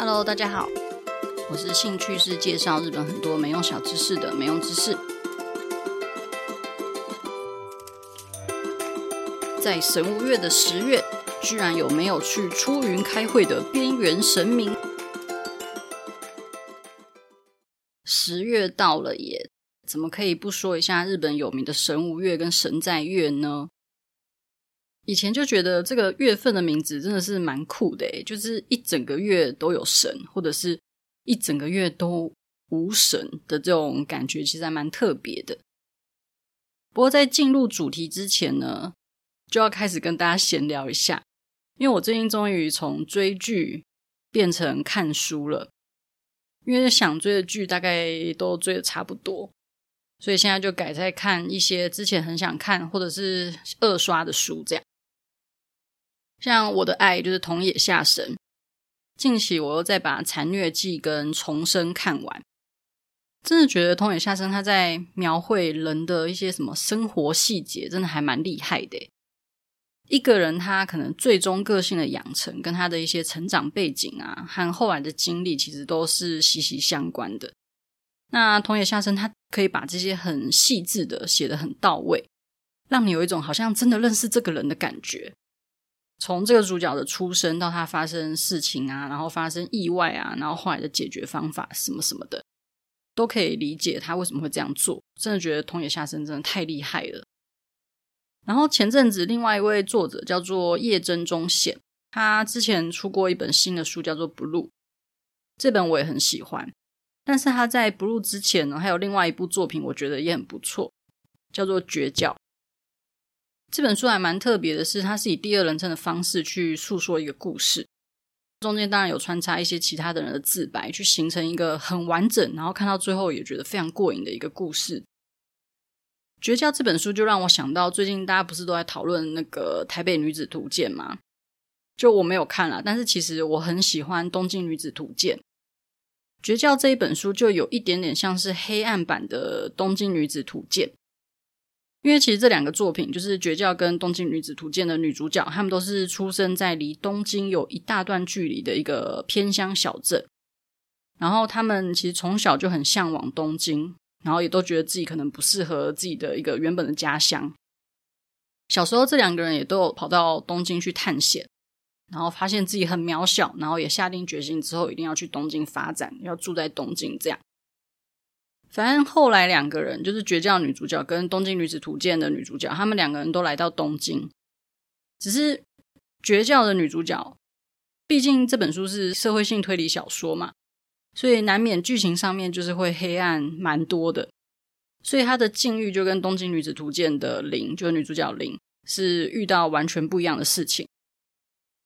Hello，大家好，我是興趣是介紹日本很多沒用小知識的沒用知識。在神無月的十月，居然有沒有去出雲開會的邊緣神明？十月到了耶，怎麼可以不說一下日本有名的神無月跟神在月呢？以前就覺得這個月份的名字真的是蠻酷的耶，就是一整個月都有神，或者是一整個月都無神的這種感覺，其實還蠻特別的。不過在進入主題之前呢，就要開始跟大家閒聊一下，因為我最近終於從追劇變成看書了，因為想追的劇大概都追的差不多，所以現在就改在看一些之前很想看或者是二刷的書，這樣。像我的愛就是桐野夏生，近期我又在把《殘虐記》跟《重生》看完，真的覺得桐野夏生他在描繪人的一些什麼生活細節，真的還蠻厲害的。一個人他可能最終個性的養成，跟他的一些成長背景啊，和後來的經歷，其實都是息息相關的。那桐野夏生他可以把這些很細緻的寫的很到位，讓你有一種好像真的認識這個人的感覺。從這個主角的出生到他發生事情啊，然後發生意外啊，然後後來的解決方法什麼什麼的，都可以理解他為什麼會這樣做。真的覺得桐野夏生真的太厲害了。然後前陣子另外一位作者叫做葉真中顯，他之前出過一本新的書叫做《Blue》，這本我也很喜歡。但是他在《Blue》之前呢，還有另外一部作品，我覺得也很不錯，叫做《絕叫》。這本書還蠻特別的是，是它是以第二人稱的方式去訴說一個故事，中間當然有穿插一些其他的人的自白，去形成一個很完整，然後看到最後也覺得非常過癮的一個故事。絕叫這本書就讓我想到最近大家不是都在討論那個《台北女子圖鑑》嗎？就我沒有看啦，但是其實我很喜歡《東京女子圖鑑》，絕叫這一本書就有一點點像是黑暗版的《東京女子圖鑑》。因為其實這兩個作品，就是《絕叫》跟《東京女子圖鑑》的女主角，她們都是出生在離東京有一大段距離的一個偏鄉小鎮。然後他們其實從小就很嚮往東京，然後也都覺得自己可能不適合自己的一個原本的家鄉。小時候，這兩個人也都有跑到東京去探險，然後發現自己很渺小，然後也下定決心之後一定要去東京發展，要住在東京這樣。反正後來兩個人就是絕叫女主角跟東京女子圖鑑的女主角，他們兩個人都來到東京。只是絕叫的女主角，畢竟這本書是社會性推理小說嘛，所以難免劇情上面就是會黑暗蠻多的。所以她的境遇就跟東京女子圖鑑的綾，就是女主角綾，是遇到完全不一樣的事情。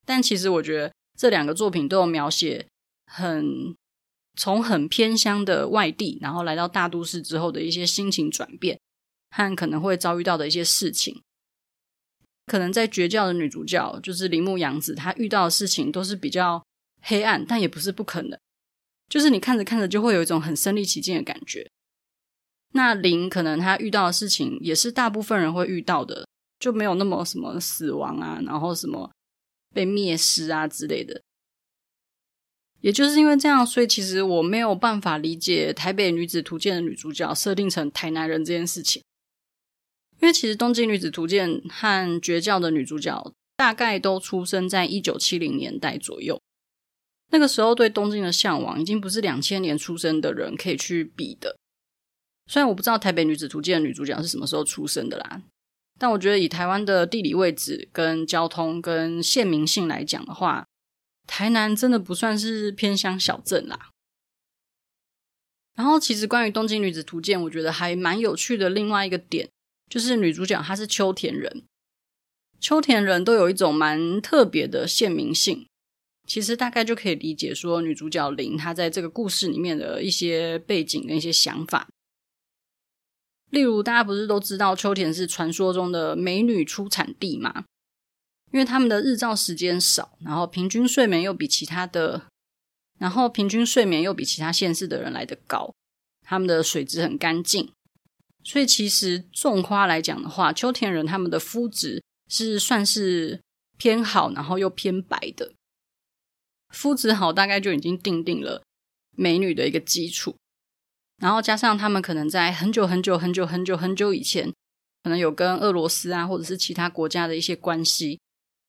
但其實我覺得這兩個作品都有描寫很，從很偏鄉的外地，然後來到大都市之後的一些心情轉變，和可能會遭遇到的一些事情，可能在絕叫的女主角就是鈴木陽子，她遇到的事情都是比較黑暗，但也不是不可能。就是你看着看着就會有一種很身臨其境的感覺。那林可能她遇到的事情也是大部分人會遇到的，就沒有那麼什麼死亡啊，然後什麼被滅失啊之類的。也就是因為這樣，所以其實我沒有辦法理解《台北女子圖鑑》的女主角設定成台南人這件事情。因為其實東京女子圖鑑和絕叫的女主角大概都出生在一九七零年代左右，那個時候對東京的向往已經不是兩千年出生的人可以去比的。雖然我不知道台北女子圖鑑女主角是什麼時候出生的啦，但我覺得以台灣的地理位置、跟交通、跟縣民性來講的話。台南真的不算是偏鄉小鎮啦、啊。然後，其實關於《東京女子圖鑑》，我覺得還蠻有趣的。另外一個點就是女主角她是秋田人，秋田人都有一種蠻特別的縣民性。其實大概就可以理解說，女主角林她在這個故事裡面的一些背景跟一些想法。例如，大家不是都知道秋田是傳說中的美女出產地嗎？因為他們的日照時間少，然後平均睡眠又比其他的，然後平均睡眠又比其他縣市的人來得高，他們的水質很乾淨，所以其實種花來講的話，秋田人他們的膚質是算是偏好，然後又偏白的，膚質好大概就已經奠定了美女的一個基礎，然後加上他們可能在很久很久很久很久很久以前，可能有跟俄羅斯啊或者是其他國家的一些關係。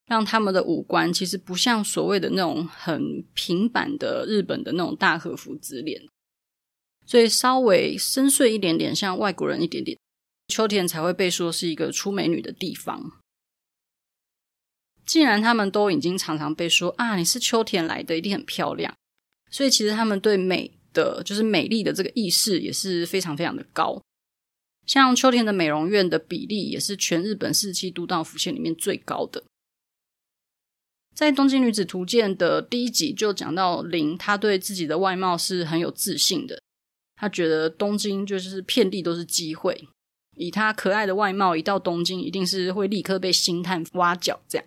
讓他們的五官其實不像所謂的那種很平板的日本的那種大和服之臉，所以稍微深邃一點點，像外國人一點點，秋田才會被說是一個出美女的地方。既然他們都已經常常被說啊，你是秋田來的，一定很漂亮，所以其實他們對美的就是美麗的這個意識也是非常非常的高。像秋田的美容院的比例也是全日本四期都道府縣裡面最高的。在《東京女子圖鑑》的第一集就講到林，玲她對自己的外貌是很有自信的。她覺得東京就是遍地都是機會，以她可愛的外貌，一到東京一定是會立刻被星探挖角。這樣，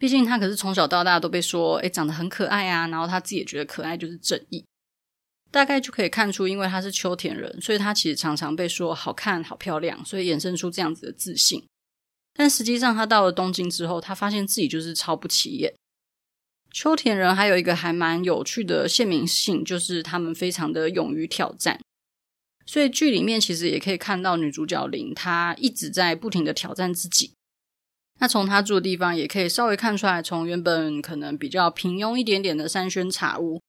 畢竟她可是從小到大都被說，誒、欸，長得很可愛啊。然後她自己也覺得可愛就是正義。大概就可以看出，因為她是秋田人，所以她其實常常被說好看、好漂亮，所以衍生出這樣子的自信。但實際上，他到了東京之後，他發現自己就是超不起眼。秋田人還有一個還蠻有趣的縣民性，就是他們非常的勇於挑戰。所以劇裡面其實也可以看到女主角林，她一直在不停的挑戰自己。那從她住的地方也可以稍微看出來，從原本可能比較平庸一點點的三軒茶屋。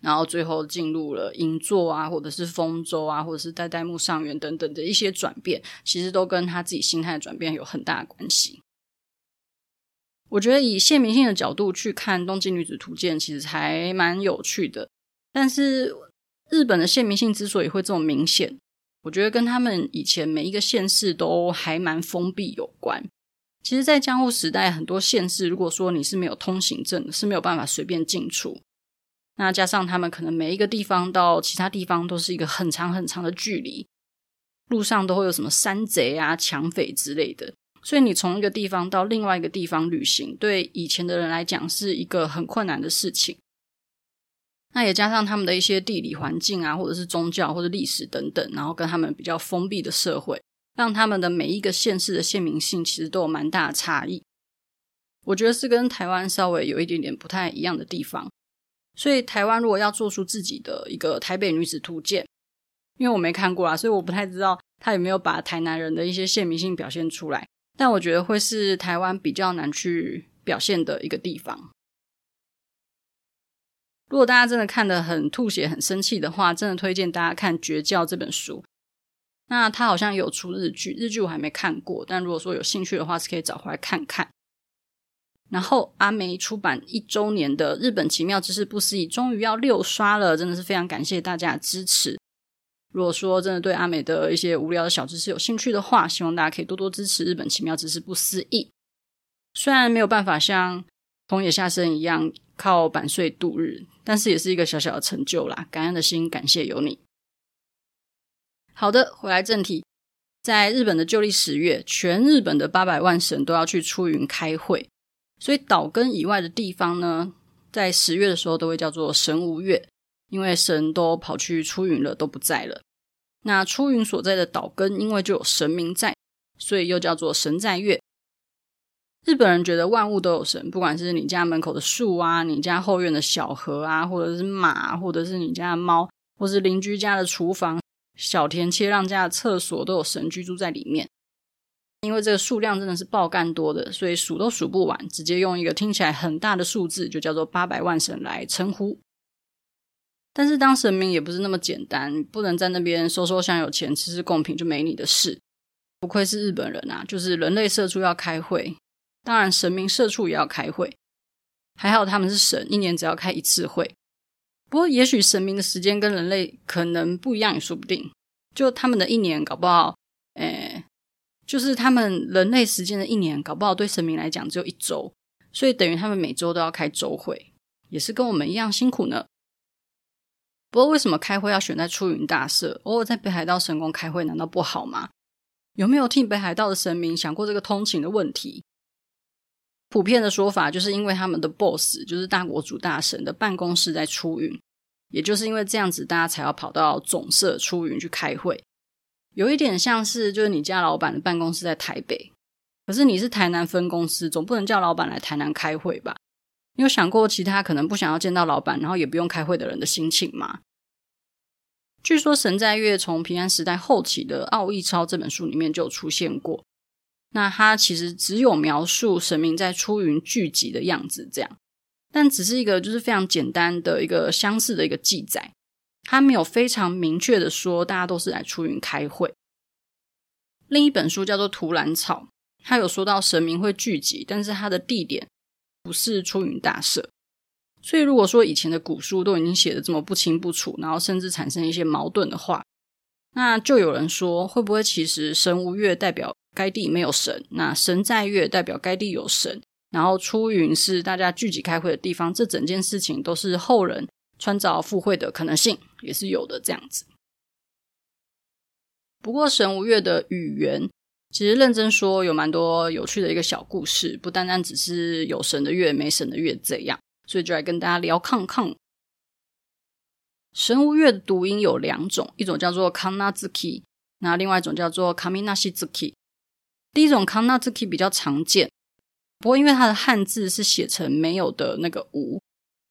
然後最後進入了銀座啊，或者是豐洲啊，或者是代代木上原等等的一些轉變，其實都跟他自己心態的轉變有很大的關係。我覺得以縣民性的角度去看《東京女子圖鑑》，其實還蠻有趣的。但是日本的縣民性之所以會這麼明顯，我覺得跟他們以前每一個縣市都還蠻封閉有關。其實，在江戶時代，很多縣市，如果說你是沒有通行證，是沒有辦法隨便進出。那加上他們可能每一個地方到其他地方都是一個很長很長的距離，路上都會有什麼山賊啊、搶匪之類的，所以你從一個地方到另外一個地方旅行，對以前的人來講是一個很困難的事情。那也加上他們的一些地理環境啊，或者是宗教或者歷史等等，然後跟他們比較封閉的社會，讓他們的每一個縣市的縣民性其實都有蠻大的差異。我覺得是跟台灣稍微有一點點不太一樣的地方。所以台灣如果要做出自己的一個台北女子圖鑑，因為我沒看過啦，所以我不太知道他有沒有把台南人的一些縣民性表現出來。但我覺得會是台灣比較難去表現的一個地方。如果大家真的看得很吐血、很生氣的話，真的推薦大家看《絕叫》這本書。那她好像有出日劇，日劇我還沒看過，但如果說有興趣的話，是可以找回來看看。然後，阿美出版一週年的日本奇妙知識不思議終於要六刷了，真的是非常感謝大家的支持。如果說真的對阿美的一些無聊的小知識有興趣的話，希望大家可以多多支持日本奇妙知識不思議。雖然沒有辦法像松野下生一樣靠版稅度日，但是也是一個小小的成就啦。感恩的心，感謝有你。好的，回來正題，在日本的舊曆十月，全日本的八百萬神都要去出雲開會。所以島根以外的地方呢，在十月的時候都會叫做神無月，因為神都跑去出雲了，都不在了。那出雲所在的島根，因為就有神明在，所以又叫做神在月。日本人覺得萬物都有神，不管是你家門口的樹啊，你家後院的小河啊，或者是馬，或者是你家的貓，或是鄰居家的廚房、小田切讓家的廁所，都有神居住在裡面。因為這個數量真的是爆幹多的，所以數都數不完，直接用一個聽起來很大的數字，就叫做八百萬神來稱呼。但是，當神明也不是那麼簡單，不能在那邊說說想有錢，其實貢品就沒你的事。不愧是日本人啊，就是人類社畜要開會，當然神明社畜也要開會。還好他們是神，一年只要開一次會。不過，也許神明的時間跟人類可能不一樣，也說不定。就他們的一年，搞不好。就是他們人類時間的一年，搞不好對神明來講只有一周，所以等於他們每周都要開周會，也是跟我們一樣辛苦呢。不過為什麼開會要選在出雲大社？偶爾在北海道神宮開會，難道不好嗎？有沒有替北海道的神明想過這個通勤的問題？普遍的說法就是因為他們的 boss，就是大國主大神的辦公室在出雲，也就是因為這樣子，大家才要跑到總社出雲去開會。有一點像是，就是你家老闆的辦公室在台北，可是你是台南分公司，總不能叫老闆來台南開會吧？你有想過其他可能不想要見到老闆，然後也不用開會的人的心情嗎？據說神在月從平安時代後期的《奧義抄》這本書裡面就有出現過，那它其實只有描述神明在出雲聚集的樣子，這樣，但只是一個就是非常簡單的一個相似的一個記載。他沒有非常明確的說，大家都是來出雲開會。另一本書叫做《徒然草》，他有說到神明會聚集，但是它的地點不是出雲大社。所以如果說以前的古書都已經寫得這麼不清不楚，然後甚至產生一些矛盾的話，那就有人說，會不會其實神無月代表該地沒有神，那神在月代表該地有神，然後出雲是大家聚集開會的地方，這整件事情都是後人。穿鑿附會的可能性也是有的，這樣子。不過神無月的語源其實認真說有蠻多有趣的一個小故事，不單單只是有神的月沒神的月這樣，所以就來跟大家聊康康。神無月的讀音有兩種，一種叫做 Kanazuki，那另外一種叫做 Kaminashizuki。第一種 Kanazuki 比較常見，不過因為它的漢字是寫成沒有的那個無。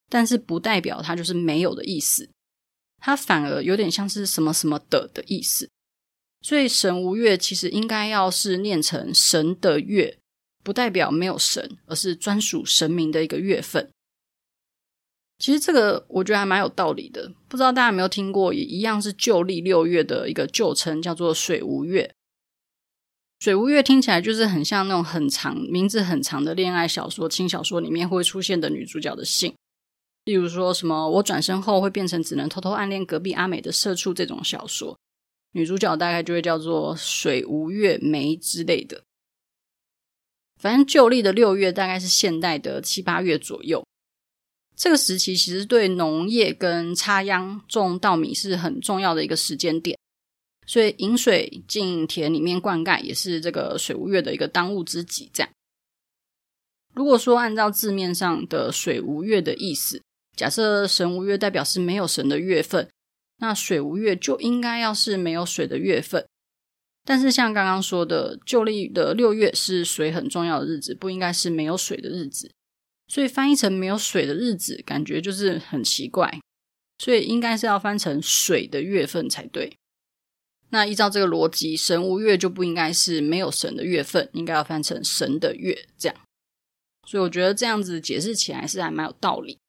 但是不代表它就是沒有的意思，它反而有點像是什麼什麼的的意思。所以神無月其實應該要是念成神的月，不代表沒有神，而是專屬神明的一個月份。其實這個我覺得還蠻有道理的，不知道大家有沒有聽過？也一樣是舊曆六月的一個舊稱，叫做水無月。水無月聽起來就是很像那種很長，名字很長的戀愛小說、輕小說裡面會出現的女主角的姓。例如說什麼我轉身後會變成只能偷偷暗戀隔壁阿美的社畜這種小說，女主角大概就會叫做水無月梅之類的。反正舊曆的六月大概是現代的七八月左右，這個時期其實對農業跟插秧種稻米是很重要的一個時間點，所以引水進田裡面灌溉也是這個水無月的一個當務之急在。如果說按照字面上的水無月的意思。假設神無月代表是沒有神的月份，那水無月就應該要是沒有水的月份。但是像剛剛說的，舊曆的六月是水很重要的日子，不應該是沒有水的日子，所以翻譯成沒有水的日子，感覺就是很奇怪。所以應該是要翻成水的月份才對。那依照這個邏輯，神無月就不應該是沒有神的月份，應該要翻成神的月這樣。所以我覺得這樣子解釋起來是還蠻有道理。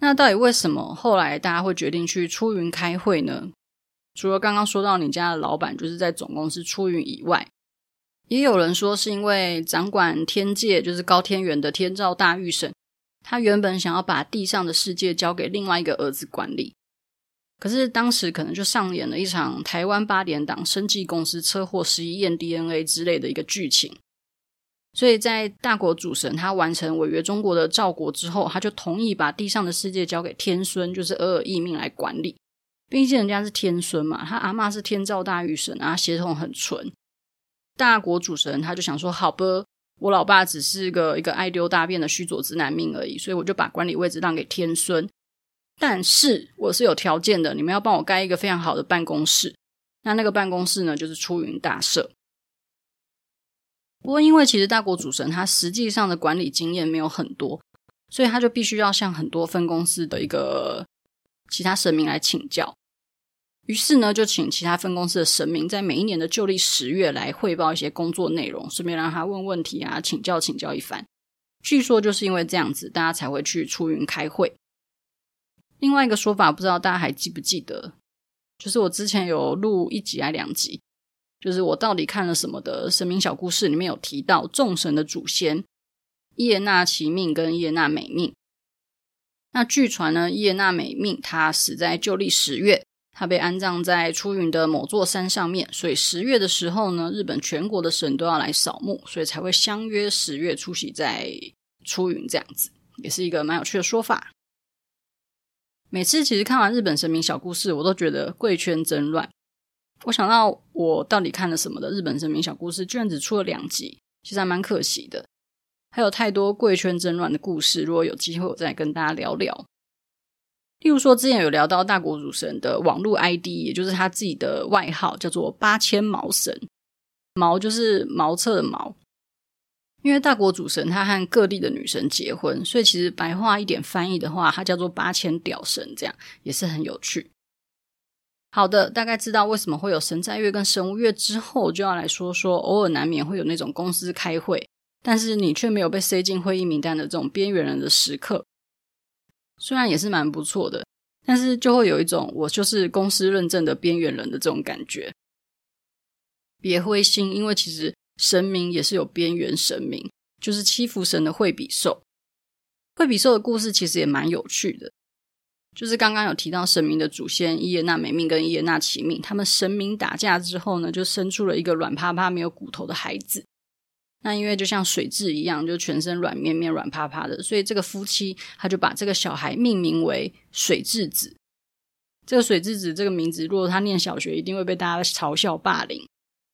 那到底為什麼後來大家會決定去出雲開會呢？除了剛剛說到你家的老闆就是在總公司出雲以外，也有人說是因為掌管天界就是高天元的天照大御神，他原本想要把地上的世界交給另外一個兒子管理，可是當時可能就上演了一場台灣八點檔生技公司車禍十一驗 DNA 之類的一個劇情。所以在大國主神他完成葦原中國的造國之後，他就同意把地上的世界交給天孫，就是邇邇藝命來管理，畢竟人家是天孫嘛，他阿嬤是天照大御神啊，然後血統很純。大國主神他就想說，好吧，我老爸只是個一個愛丟大便的須佐之男命而已，所以我就把管理位置讓給天孫，但是我是有條件的，你們要幫我蓋一個非常好的辦公室。那那個辦公室呢，就是出雲大社。不過，因為其實大國主神他實際上的管理經驗沒有很多，所以他就必須要向很多分公司的一個其他神明來請教。於是呢，就請其他分公司的神明在每一年的舊曆十月來彙報一些工作內容，順便讓他問問題啊，請教請教一番。據說就是因為這樣子，大家才會去出雲開會。另外一個說法，不知道大家還記不記得，就是我之前有錄一集還兩集。就是我到底看了什麼的神明小故事裡面有提到眾神的祖先伊邪那岐命跟伊邪那美命。那據傳呢，伊邪那美命她死在舊曆十月，她被安葬在出雲的某座山上面，所以十月的時候呢，日本全國的神都要來掃墓，所以才會相約十月出席在出雲這樣子，也是一個蠻有趣的說法。每次其實看完日本神明小故事，我都覺得貴圈真亂。我想到我到底看了什麼的日本神明小故事，居然只出了兩集，其實還蠻可惜的。還有太多貴圈真亂的故事，如果有機會我再跟大家聊聊。例如說，之前有聊到大國主神的網絡 ID，也就是他自己的外號，叫做八千毛神。毛就是茅廁的茅，因為大國主神他和各地的女神結婚，所以其實白話一點翻譯的話，它叫做八千屌神，這樣也是很有趣。好的，大概知道為什麼會有神在月跟神無月之後，就要來說說偶爾難免會有那種公司開會，但是你卻沒有被塞進會議名單的這種邊緣人的時刻。雖然也是蠻不錯的，但是就會有一種我就是公司認證的邊緣人的這種感覺。別灰心，因為其實神明也是有邊緣神明，就是七福神的惠比壽。惠比壽的故事其實也蠻有趣的。就是剛剛有提到神明的祖先伊邪那美命跟伊邪那岐命，他們神明打架之後呢，就生出了一個軟趴趴沒有骨頭的孩子。那因為就像水蛭一樣，就全身軟綿綿、軟趴趴的，所以這個夫妻他就把這個小孩命名為水蛭子。這個水蛭子這個名字，如果他念小學，一定會被大家嘲笑霸凌。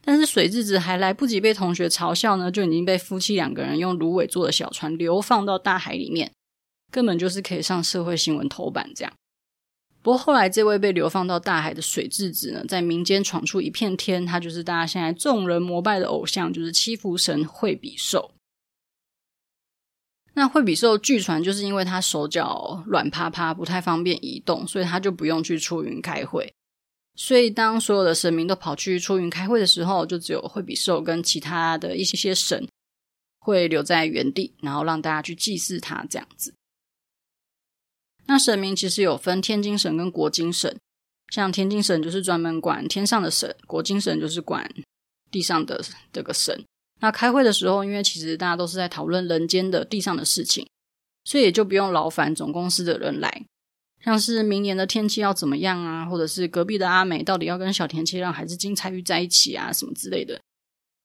但是水蛭子還來不及被同學嘲笑呢，就已經被夫妻兩個人用蘆葦做的小船流放到大海裡面。根本就是可以上社會新聞頭版這樣。不過後來，這位被流放到大海的水蛭子呢，在民間闖出一片天。他就是大家現在眾人膜拜的偶像，就是七福神惠比壽。那惠比壽據傳就是因為他手腳軟趴趴，不太方便移動，所以他就不用去出雲開會。所以當所有的神明都跑去出雲開會的時候，就只有惠比壽跟其他的一些些神會留在原地，然後讓大家去祭祀他這樣子。那神明其實有分天津神跟國津神，像天津神就是專門管天上的神，國津神就是管地上的這個神。那開會的時候，因為其實大家都是在討論人間的地上的事情，所以也就不用勞煩總公司的人來。像是明年的天氣要怎麼樣啊，或者是隔壁的阿美到底要跟小田切讓還是金彩玉在一起啊，什麼之類的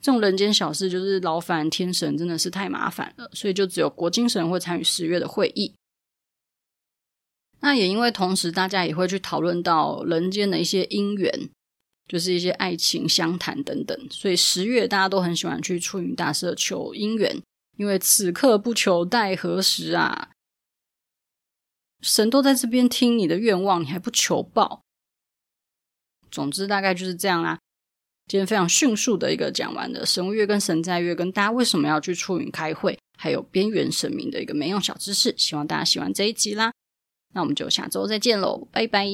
這種人間小事，就是勞煩天神真的是太麻煩了，所以就只有國津神會參與十月的會議。那也因為同時，大家也會去討論到人間的一些姻緣，就是一些愛情、相談等等。所以十月大家都很喜歡去出雲大社求姻緣，因為此刻不求待何時啊？神都在這邊聽你的願望，你還不求報？總之，大概就是這樣啦、啊。今天非常迅速的一個講完了神無月跟神在月跟大家為什麼要去出雲開會，還有邊緣神明的一個沒用小知識，希望大家喜歡這一集啦。那我們就下周再見嘍，拜拜。